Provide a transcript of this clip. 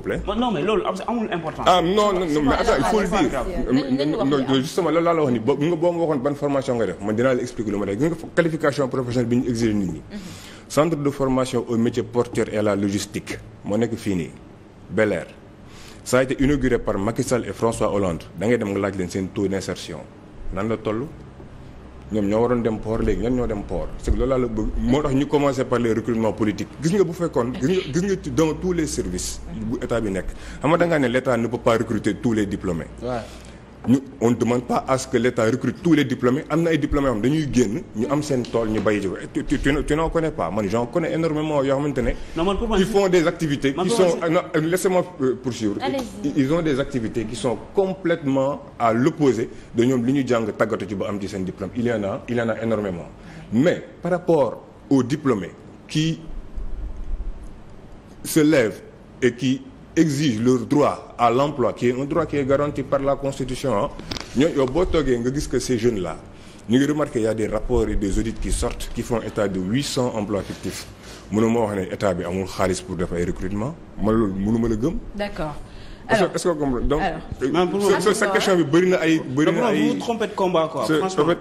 vous plaît. non mais loolu amul importance. ah non non mais attends laa la wax ni boo boo ma waxoon ban formation nga def man dinaa la expliquer lu ma def gis nga qualification professionnelle bi ñu exiger nit ñi. Mhm. centre de formation au métier porteur et la logistique moo nekk fii nii Bel Air ça a été inauguré par Macky Sall et François Hollande dangay dem nga laaj leen seen taux d'insertion nan la toll. ñoom ñoo waroon dem port léegi ñan ñoo dem port c'est que loolu laa la bëgg moo tax ñu commencé par les recrutements politiques gis nga bu fekkoon gis nga gis nga dans tous les services bu état bi nekk xam nga ne l'état ne peut recruter tous les diplômés ñu on demande pas à ce que l'État recrute tous les diplômés am na ay diplômés yoo dañuy génn ñu am seen tool ñu béy ji ko tu tu connais pas man j'en connais énormément yoo xamante ne ils font des activités qui sont non euh, laissez-moi euh, poursuivre ils ont des activités qui sont complètement à l'opposé de ñoom lu ñu jàng tàggatu ci ba am ci seen diplôme il y en a il y en a énormément mais par rapport aux diplômés qui se lèvent et qui exigent leur droit à l'emploi qui est un droit qui est garanti par la constitution ah ñooñu boo toogee nga gis que ces jeunes là ñu ngi remarqué y a des rapports et des audits qui sortent qui font état de 800 emplois fictifs mënu wax ne état bi amul xaalis pour def ay recrutement man loolu mënu ma la gëm. d'accord. alors est-ce que donc. sa question bi bëri na ay. bëri na ay vous vous trompez de